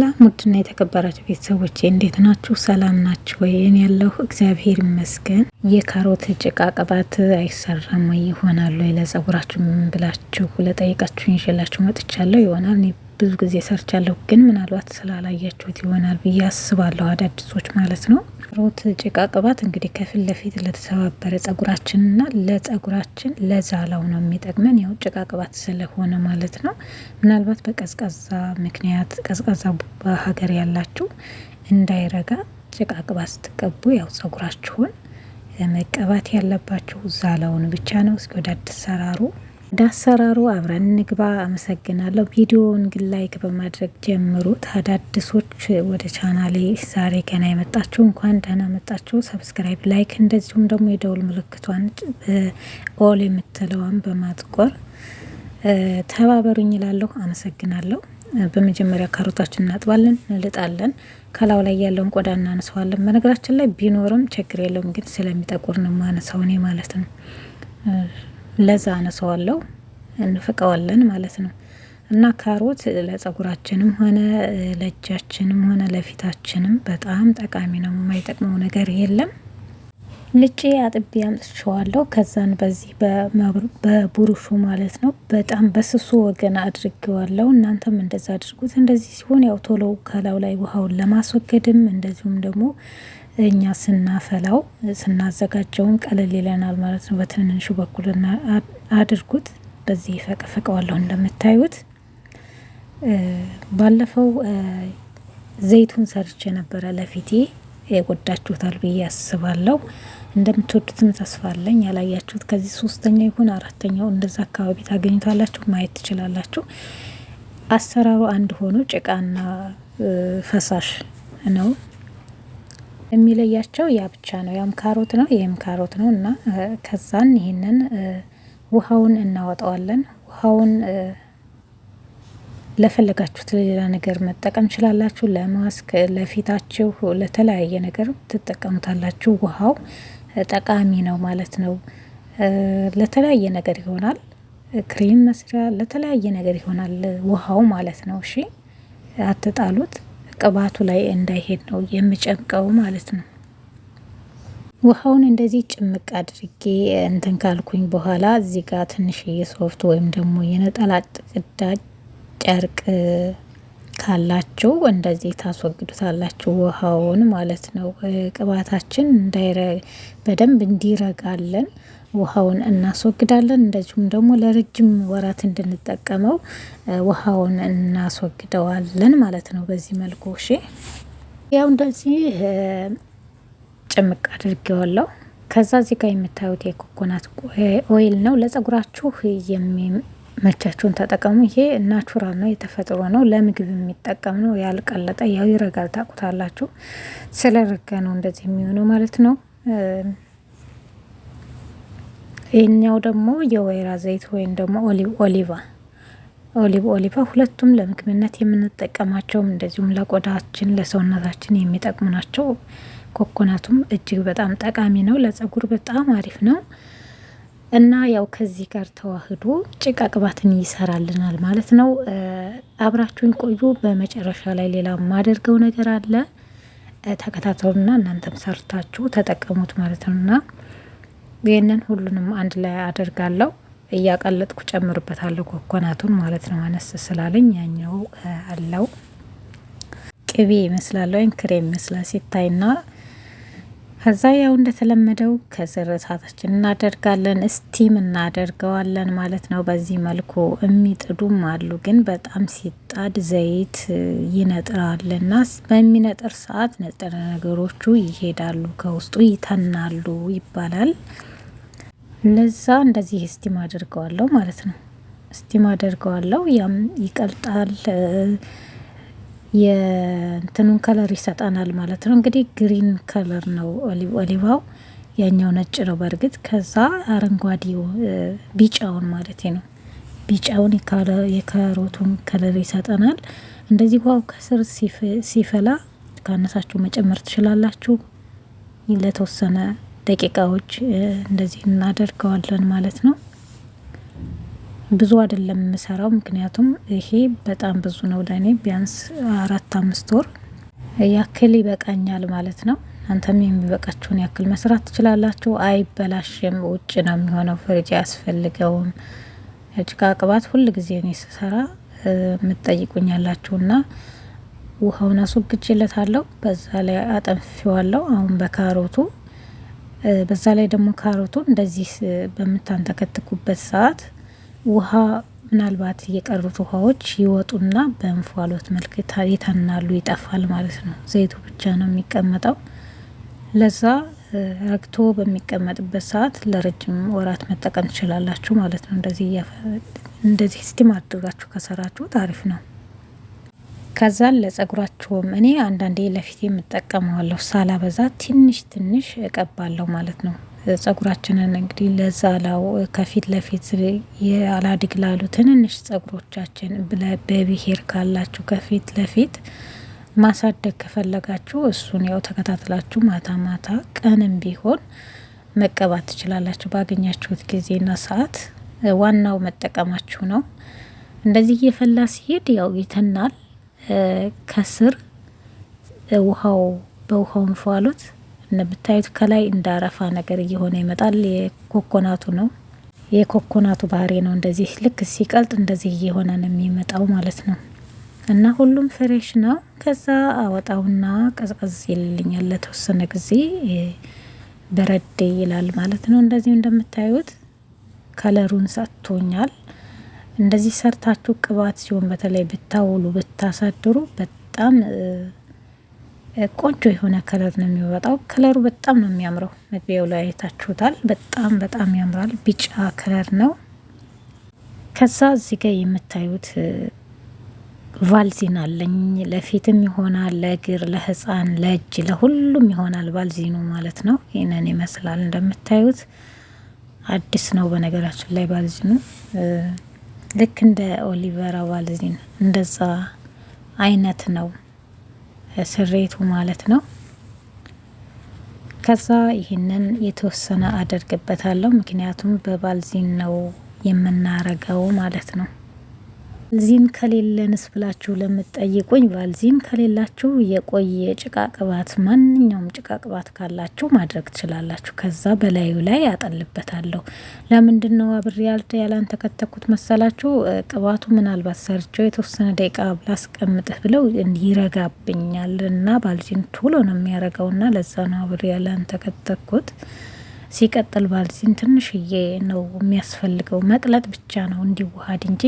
ለሙድና የተከበራችሁ ቤተሰቦቼ እንዴት ናችሁ? ሰላም ናችሁ ወይ? እኔ ያለሁ እግዚአብሔር ይመስገን። የካሮት ጭቃ ቅባት አይሰራም ወይ ይሆናሉ ለጸጉራችሁ ብላችሁ ለጠይቃችሁ ይዤላችሁ መጥቻለሁ ይሆናል እኔ ብዙ ጊዜ ሰርቻለሁ፣ ግን ምናልባት ስላላያችሁት ይሆናል ብዬ አስባለሁ። አዳዲሶች ማለት ነው የምሞክሩት ጭቃ ቅባት እንግዲህ ከፊት ለፊት ለተሰባበረ ጸጉራችንና ለጸጉራችን ለዛላው ነው የሚጠቅመን። ያው ጭቃ ቅባት ስለሆነ ማለት ነው። ምናልባት በቀዝቃዛ ምክንያት ቀዝቃዛ ሀገር ያላችሁ እንዳይረጋ ጭቃ ቅባት ስትቀቡ ያው ጸጉራችሁን መቀባት ያለባችሁ ዛላውን ብቻ ነው። እስኪ ወደ አዲስ ሰራሩ ወደ አሰራሩ አብረን እንግባ። አመሰግናለሁ። ቪዲዮውን ግን ላይክ በማድረግ ጀምሩት። አዳዲሶች ወደ ቻናሌ ዛሬ ገና የመጣችሁ እንኳን ደህና መጣችሁ። ሰብስክራይብ፣ ላይክ እንደዚሁም ደግሞ የደውል ምልክቷን ኦል የምትለዋን በማጥቆር ተባበሩኝ ይላለሁ። አመሰግናለሁ። በመጀመሪያ ካሮታችን እናጥባለን፣ እንልጣለን። ከላው ላይ ያለውን ቆዳ እናነሰዋለን። በነገራችን ላይ ቢኖርም ችግር የለውም፣ ግን ስለሚጠቁር ነው ማነሳው እኔ ማለት ነው። ለዛ አነሰዋለው እንፍቀዋለን ማለት ነው። እና ካሮት ለጸጉራችንም ሆነ ለእጃችንም ሆነ ለፊታችንም በጣም ጠቃሚ ነው። የማይጠቅመው ነገር የለም። ልጭ አጥቤ አምጥቼዋለሁ። ከዛን በዚህ በቡሩሹ ማለት ነው በጣም በስሱ ወገን አድርጌዋለሁ። እናንተም እንደዛ አድርጉት። እንደዚህ ሲሆን ያው ቶሎ ከላው ላይ ውሃውን ለማስወገድም እንደዚሁም ደግሞ እኛ ስናፈላው ስናዘጋጀውም ቀለል ይለናል ማለት ነው። በትንንሹ በኩል አድርጉት። በዚህ ፈቀፈቀዋለሁ እንደምታዩት። ባለፈው ዘይቱን ሰርቼ ነበረ ለፊቴ የጎዳችሁታል ብዬ አስባለሁ። እንደምትወዱትም ተስፋ አለኝ። ያላያችሁት ከዚህ ሶስተኛ ይሁን አራተኛው እንደዛ አካባቢ ታገኙታላችሁ፣ ማየት ትችላላችሁ። አሰራሩ አንድ ሆኖ ጭቃና ፈሳሽ ነው። የሚለያቸው ያ ብቻ ነው። ያም ካሮት ነው፣ ይህም ካሮት ነው እና ከዛን ይህንን ውሃውን እናወጣዋለን። ውሃውን ለፈለጋችሁት ለሌላ ነገር መጠቀም ችላላችሁ። ለማስክ፣ ለፊታችሁ፣ ለተለያየ ነገር ትጠቀሙታላችሁ። ውሃው ጠቃሚ ነው ማለት ነው። ለተለያየ ነገር ይሆናል። ክሬም መስሪያ፣ ለተለያየ ነገር ይሆናል ውሃው ማለት ነው። እሺ አትጣሉት። ቅባቱ ላይ እንዳይሄድ ነው የምጨምቀው ማለት ነው። ውሃውን እንደዚህ ጭምቅ አድርጌ እንትን ካልኩኝ በኋላ እዚህ ጋር ትንሽ የሶፍት ወይም ደግሞ የነጠላ ቅዳ ጨርቅ ካላችሁ እንደዚህ ታስወግዱታላችሁ፣ ውሃውን ማለት ነው። ቅባታችን በደንብ እንዲረጋለን ውሃውን እናስወግዳለን። እንደዚሁም ደግሞ ለረጅም ወራት እንድንጠቀመው ውሃውን እናስወግደዋለን ማለት ነው። በዚህ መልኩ እሺ፣ ያው እንደዚህ ጭምቅ አድርጌዋለሁ። ከዛ እዚህ ጋር የምታዩት የኮኮናት ኦይል ነው። ለጸጉራችሁ የሚመቻችሁን ተጠቀሙ። ይሄ ናቹራል ነው፣ የተፈጥሮ ነው። ለምግብ የሚጠቀም ነው። ያልቀለጠ ያው ይረጋል፣ ታቁታላችሁ። ስለረጋ ነው እንደዚህ የሚሆነው ማለት ነው። ይህኛው ደግሞ የወይራ ዘይት ወይም ደግሞ ኦሊቭ ኦሊቫ ኦሊቭ ኦሊቫ ሁለቱም ለምግብነት የምንጠቀማቸውም እንደዚሁም ለቆዳችን ለሰውነታችን የሚጠቅሙ ናቸው። ኮኮናቱም እጅግ በጣም ጠቃሚ ነው፣ ለጸጉር በጣም አሪፍ ነው እና ያው ከዚህ ጋር ተዋህዶ ጭቃ ቅባትን ይሰራልናል ማለት ነው። አብራችሁን ቆዩ። በመጨረሻ ላይ ሌላ ማደርገው ነገር አለ። ተከታተሉና እናንተም ሰርታችሁ ተጠቀሙት ማለት ነውና ይህንን ሁሉንም አንድ ላይ አደርጋለሁ። እያቀለጥኩ ጨምርበታለሁ ኮኮናቱን ማለት ነው። አነስ ስላለኝ ያኛው አለው ቅቤ ይመስላል ወይም ክሬም ይመስላል ሲታይና ከዛ ያው እንደተለመደው ከስር እሳታችን እናደርጋለን፣ እስቲም እናደርገዋለን ማለት ነው። በዚህ መልኩ የሚጥዱም አሉ፣ ግን በጣም ሲጣድ ዘይት ይነጥራል እና በሚነጥር ሰዓት ንጥረ ነገሮቹ ይሄዳሉ፣ ከውስጡ ይተናሉ ይባላል። ለዛ እንደዚህ ስቲም አድርገዋለሁ ማለት ነው። ስቲም አድርገዋለሁ። ያም ይቀልጣል፣ የእንትኑን ከለር ይሰጠናል ማለት ነው። እንግዲህ ግሪን ከለር ነው ኦሊቫው፣ ያኛው ነጭ ነው በእርግጥ ከዛ አረንጓዴው ቢጫውን ማለት ነው ቢጫውን የካሮቱን ከለር ይሰጠናል። እንደዚህ ውሃው ከስር ሲፈላ ካነሳችሁ መጨመር ትችላላችሁ። ለተወሰነ ደቂቃዎች እንደዚህ እናደርገዋለን ማለት ነው። ብዙ አይደለም የምሰራው፣ ምክንያቱም ይሄ በጣም ብዙ ነው ለእኔ ቢያንስ አራት አምስት ወር ያክል ይበቃኛል ማለት ነው። እናንተም የሚበቃችሁን ያክል መስራት ትችላላችሁ። አይበላሽም፣ ውጭ ነው የሚሆነው፣ ፍሪጅ አያስፈልገውም። ጭቃ ቅባት ሁል ጊዜ እኔ ስሰራ የምትጠይቁኝ ያላችሁና ውሃውን አስወግጄለታለሁ። በዛ ላይ አጠንፊዋለሁ። አሁን በካሮቱ በዛ ላይ ደግሞ ካሮቱን እንደዚህ በምታንተከትኩበት ሰዓት ውሃ ምናልባት የቀሩት ውሃዎች ይወጡና በእንፋሎት መልክ ይተናሉ፣ ይጠፋል ማለት ነው። ዘይቱ ብቻ ነው የሚቀመጠው። ለዛ ረግቶ በሚቀመጥበት ሰዓት ለረጅም ወራት መጠቀም ትችላላችሁ ማለት ነው። እንደዚህ እንደዚህ ስቲም አድርጋችሁ ከሰራችሁ አሪፍ ነው። ከዛን ለጸጉራችሁም እኔ አንዳንዴ ለፊት የምጠቀመዋለሁ ሳላበዛ ትንሽ ትንሽ እቀባለሁ ማለት ነው። ጸጉራችንን እንግዲህ ላው ከፊት ለፊት የአላድግ ላሉ ትንንሽ ጸጉሮቻችን በብሄር ካላችሁ ከፊት ለፊት ማሳደግ ከፈለጋችሁ እሱን ያው ተከታትላችሁ ማታ ማታ ቀንም ቢሆን መቀባት ትችላላችሁ ባገኛችሁት ጊዜና ሰዓት። ዋናው መጠቀማችሁ ነው። እንደዚህ እየፈላ ሲሄድ ያው ይተናል። ከስር ውሃው በውሃው እንፏሉት እንደምታዩት ከላይ እንዳረፋ ነገር እየሆነ ይመጣል። የኮኮናቱ ነው የኮኮናቱ ባህሪ ነው። እንደዚህ ልክ ሲቀልጥ እንደዚህ እየሆነ ነው የሚመጣው ማለት ነው። እና ሁሉም ፍሬሽ ነው። ከዛ አወጣውና ቀዝቀዝ ይልልኛል ለተወሰነ ጊዜ በረድ ይላል ማለት ነው። እንደዚሁ እንደምታዩት ከለሩን ሰጥቶኛል። እንደዚህ ሰርታችሁ ቅባት ሲሆን በተለይ ብታውሉ ብታሳድሩ በጣም ቆንጆ የሆነ ከለር ነው የሚወጣው። ከለሩ በጣም ነው የሚያምረው። መግቢያው ላይ አይታችሁታል። በጣም በጣም ያምራል። ቢጫ ከለር ነው። ከዛ እዚህ ጋር የምታዩት ቫልዚን አለኝ። ለፊትም ይሆናል፣ ለእግር፣ ለህፃን፣ ለእጅ፣ ለሁሉም ይሆናል ቫልዚኑ ማለት ነው። ይህንን ይመስላል እንደምታዩት። አዲስ ነው በነገራችን ላይ ቫልዚኑ ልክ እንደ ኦሊቨር ባልዚን እንደዛ አይነት ነው ስሬቱ ማለት ነው። ከዛ ይህንን የተወሰነ አደርግበታለሁ። ምክንያቱም በባልዚን ነው የምናረገው ማለት ነው። ቫልዚን ከሌለንስ ብላችሁ ለምትጠይቁኝ ቫልዚን ከሌላችሁ የቆየ ጭቃ ቅባት፣ ማንኛውም ጭቃ ቅባት ካላችሁ ማድረግ ትችላላችሁ። ከዛ በላዩ ላይ አጠልበታለሁ። ለምንድን ነው አብሬ ያልተ ያላን ተከተኩት መሰላችሁ? ቅባቱ ምናልባት ሰርቸው የተወሰነ ደቂቃ ላስቀምጥህ ብለው ይረጋብኛል እና ቫልዚን ቶሎ ነው የሚያረገው እና ለዛ ነው አብሬ ያላን ተከተኩት። ሲቀጥል ቫልዚን ትንሽዬ ነው የሚያስፈልገው፣ መቅለጥ ብቻ ነው እንዲዋሃድ እንጂ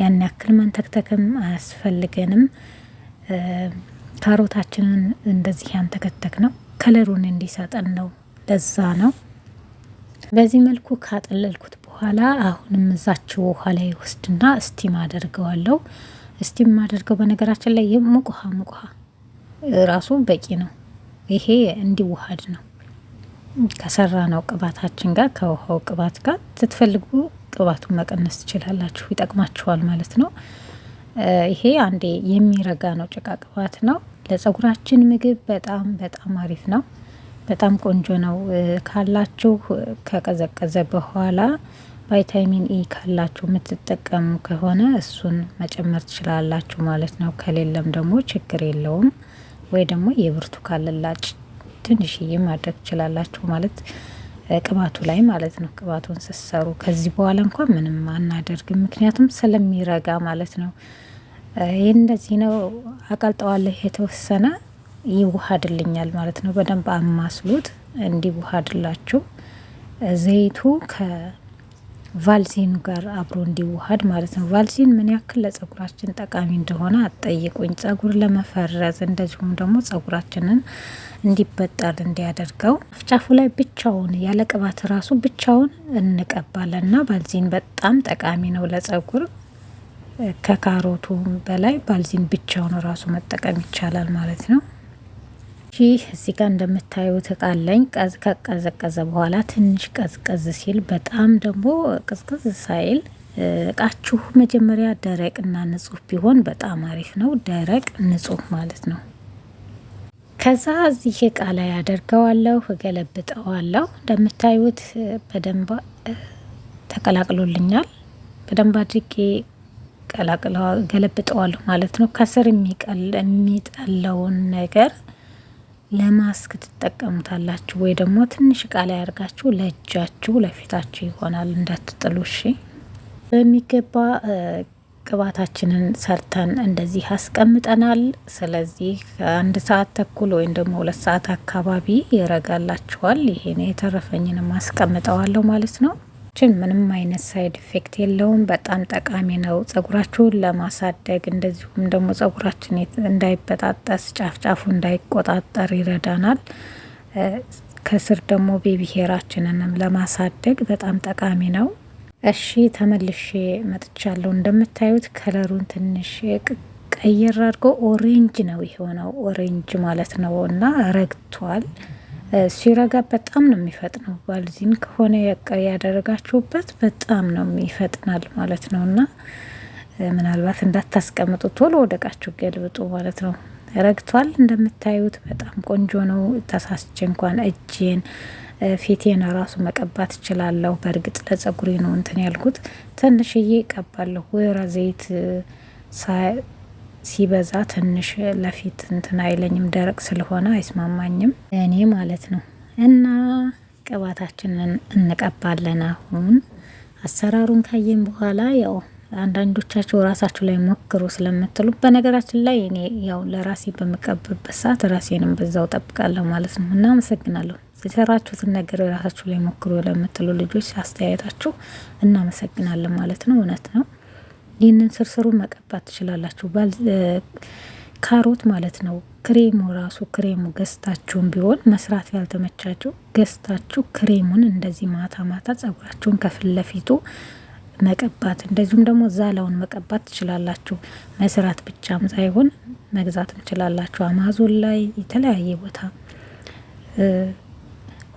ያን ያክል ማንተክተክም አያስፈልገንም። ካሮታችንን እንደዚህ ያንተከተክ ነው ከለሩን እንዲሰጠን ነው። ለዛ ነው በዚህ መልኩ ካጠለልኩት በኋላ አሁንም እዛችው ውሃ ላይ ውስድና እስቲም አደርገዋለው። እስቲም አደርገው በነገራችን ላይ ሙቅ ውሃ ሙቅ ውሃ ራሱ በቂ ነው። ይሄ እንዲዋሃድ ነው ከሰራ ነው ቅባታችን ጋር ከውሃው ቅባት ጋር ስትፈልጉ ቅባቱን መቀነስ ትችላላችሁ። ይጠቅማችኋል ማለት ነው። ይሄ አንዴ የሚረጋ ነው፣ ጭቃ ቅባት ነው። ለጸጉራችን ምግብ በጣም በጣም አሪፍ ነው። በጣም ቆንጆ ነው። ካላችሁ ከቀዘቀዘ በኋላ ቫይታሚን ኢ ካላችሁ የምትጠቀሙ ከሆነ እሱን መጨመር ትችላላችሁ ማለት ነው። ከሌለም ደግሞ ችግር የለውም። ወይ ደግሞ የብርቱካን ልላጭ ትንሽዬ ማድረግ ትችላላችሁ ማለት ቅባቱ ላይ ማለት ነው። ቅባቱን ስሰሩ ከዚህ በኋላ እንኳን ምንም አናደርግም፣ ምክንያቱም ስለሚረጋ ማለት ነው። ይህ እንደዚህ ነው። አቀልጠዋለሁ የተወሰነ ይዋሃድልኛል ማለት ነው። በደንብ አማስሉት እንዲዋሃድላችሁ ዘይቱ ቫልሲኑ ጋር አብሮ እንዲዋሃድ ማለት ነው። ቫልሲን ምን ያክል ለጸጉራችን ጠቃሚ እንደሆነ አጠይቁኝ ጸጉር ለመፈረዝ እንደዚሁም ደግሞ ጸጉራችንን እንዲበጠር እንዲያደርገው አፍጫፉ ላይ ብቻውን ያለ ቅባት ራሱ ብቻውን እንቀባለን እና ቫልዚን በጣም ጠቃሚ ነው ለጸጉር ከካሮቱ በላይ ቫልሲን ብቻውን ራሱ መጠቀም ይቻላል ማለት ነው። ይህ እዚህ ጋር እንደምታዩት እቃ አለኝ። ከቀዘቀዘ በኋላ ትንሽ ቀዝቀዝ ሲል በጣም ደግሞ ቅዝቅዝ ሳይል እቃችሁ መጀመሪያ ደረቅና ንጹህ ቢሆን በጣም አሪፍ ነው። ደረቅ ንጹህ ማለት ነው። ከዛ እዚህ እቃ ላይ አደርገዋለሁ፣ እገለብጠዋለሁ። እንደምታዩት በደንብ ተቀላቅሎልኛል። በደንብ አድርጌ ገለብጠዋለሁ ማለት ነው። ከስር የሚጠለውን ነገር ለማስክ ትጠቀሙታላችሁ ወይ ደግሞ ትንሽ እቃ ላይ አድርጋችሁ ለእጃችሁ ለፊታችሁ ይሆናል፣ እንዳትጥሉ እሺ። በሚገባ ቅባታችንን ሰርተን እንደዚህ አስቀምጠናል። ስለዚህ ከአንድ ሰዓት ተኩል ወይም ደግሞ ሁለት ሰዓት አካባቢ ይረጋላችኋል። ይሄን የተረፈኝንም አስቀምጠዋለሁ ማለት ነው። ፕሮዳክታችን ምንም አይነት ሳይድ ኢፌክት የለውም። በጣም ጠቃሚ ነው ጸጉራችሁን ለማሳደግ እንደዚሁም ደግሞ ጸጉራችን እንዳይበጣጠስ ጫፍ ጫፉ እንዳይቆጣጠር ይረዳናል። ከስር ደግሞ ቤቢ ሄራችንንም ለማሳደግ በጣም ጠቃሚ ነው። እሺ ተመልሼ መጥቻለሁ። እንደምታዩት ከለሩን ትንሽ ቀየር አድርገው ኦሬንጅ ነው የሆነው ኦሬንጅ ማለት ነው እና ረግቷል። ሲረጋ በጣም ነው የሚፈጥነው። ባልዚን ከሆነ ያደረጋችሁበት በጣም ነው የሚፈጥናል ማለት ነው እና ምናልባት እንዳታስቀምጡ ቶሎ ወደቃችሁ ገልብጡ ማለት ነው። ረግቷል እንደምታዩት በጣም ቆንጆ ነው። ተሳስቼ እንኳን እጄን ፊቴን ራሱ መቀባት እችላለሁ። በእርግጥ ለጸጉሬ ነው እንትን ያልኩት። ትንሽዬ እቀባለሁ ወይራ ዘይት ሲበዛ ትንሽ ለፊት እንትን አይለኝም፣ ደረቅ ስለሆነ አይስማማኝም እኔ ማለት ነው። እና ቅባታችንን እንቀባለን። አሁን አሰራሩን ካየን በኋላ ያው አንዳንዶቻችሁ ራሳችሁ ላይ ሞክሩ ስለምትሉ በነገራችን ላይ እኔ ያው ለራሴ በምቀብበት ሰዓት ራሴንም በዛው ጠብቃለሁ ማለት ነው። እና አመሰግናለሁ የሰራችሁትን ነገር ራሳችሁ ላይ ሞክሩ ለምትሉ ልጆች አስተያየታችሁ እናመሰግናለን ማለት ነው። እውነት ነው። ይህንን ስርስሩን መቀባት ትችላላችሁ። ካሮት ማለት ነው። ክሬሙ ራሱ ክሬሙ ገዝታችሁን ቢሆን መስራት ያልተመቻችሁ ገዝታችሁ ክሬሙን እንደዚህ ማታ ማታ ጸጉራችሁን ከፊት ለፊቱ መቀባት እንደዚሁም ደግሞ ዛላውን መቀባት ትችላላችሁ። መስራት ብቻም ሳይሆን መግዛት ትችላላችሁ። አማዞን ላይ የተለያየ ቦታ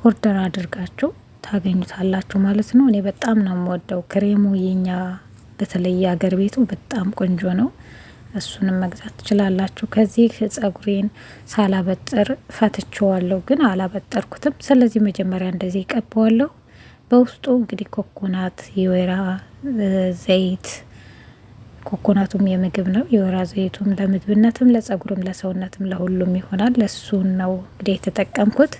ኦርደር አድርጋችሁ ታገኙታላችሁ ማለት ነው። እኔ በጣም ነው የምወደው ክሬሙ የኛ በተለይ የሀገር ቤቱ በጣም ቆንጆ ነው። እሱንም መግዛት ትችላላችሁ። ከዚህ ጸጉሬን ሳላበጥር ፈትቼዋለሁ፣ ግን አላበጠርኩትም። ስለዚህ መጀመሪያ እንደዚህ ይቀባዋለሁ። በውስጡ እንግዲህ ኮኮናት፣ የወይራ ዘይት ኮኮናቱም የምግብ ነው። የወይራ ዘይቱም ለምግብነትም፣ ለጸጉርም፣ ለሰውነትም ለሁሉም ይሆናል። እሱን ነው እንግዲህ የተጠቀምኩት።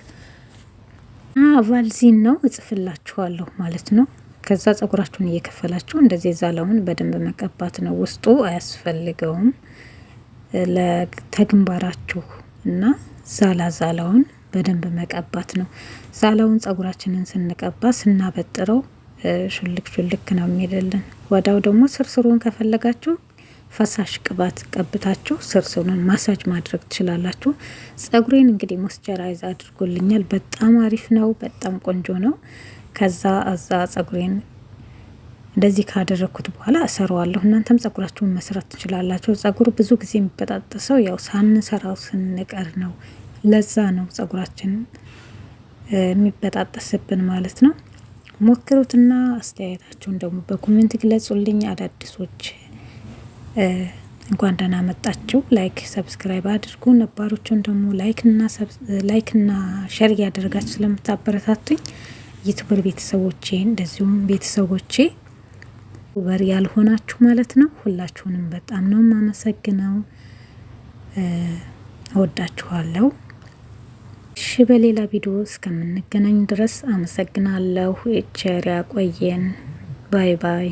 ቫልዚን ነው እጽፍላችኋለሁ ማለት ነው። ከዛ ጸጉራችሁን እየከፈላችሁ እንደዚህ ዛላውን በደንብ መቀባት ነው። ውስጡ አያስፈልገውም። ለተግንባራችሁ እና ዛላ ዛላውን በደንብ መቀባት ነው። ዛላውን ጸጉራችንን ስንቀባ ስናበጥረው ሹልክ ሹልክ ነው የሚልልን። ወዳው ደግሞ ስርስሩን ከፈለጋችሁ ፈሳሽ ቅባት ቀብታችሁ ስርስሩን ማሳጅ ማድረግ ትችላላችሁ። ጸጉሬን እንግዲህ ሞስቸራይዝ አድርጎልኛል። በጣም አሪፍ ነው። በጣም ቆንጆ ነው። ከዛ እዛ ጸጉሬን እንደዚህ ካደረግኩት በኋላ እሰራዋለሁ። እናንተም ጸጉራችሁን መስራት ትችላላችሁ። ጸጉር ብዙ ጊዜ የሚበጣጠሰው ያው ሳንሰራው ስንቀር ነው። ለዛ ነው ጸጉራችን የሚበጣጠስብን ማለት ነው። ሞክሩትና አስተያየታችሁን ደግሞ በኮሜንት ግለጹልኝ። አዳዲሶች እንኳን ደህና መጣችሁ። ላይክ ሰብስክራይብ አድርጉ። ነባሮችን ደግሞ ላይክና ሸር እያደረጋችሁ ስለምታበረታቱኝ ዩቱበር ቤተሰቦቼ እንደዚሁም ቤተሰቦቼ በር ያልሆናችሁ ማለት ነው። ሁላችሁንም በጣም ነው የማመሰግነው። እወዳችኋለሁ። እሺ፣ በሌላ ቪዲዮ እስከምንገናኝ ድረስ አመሰግናለሁ። ቸር ያቆየን። ባይ ባይ።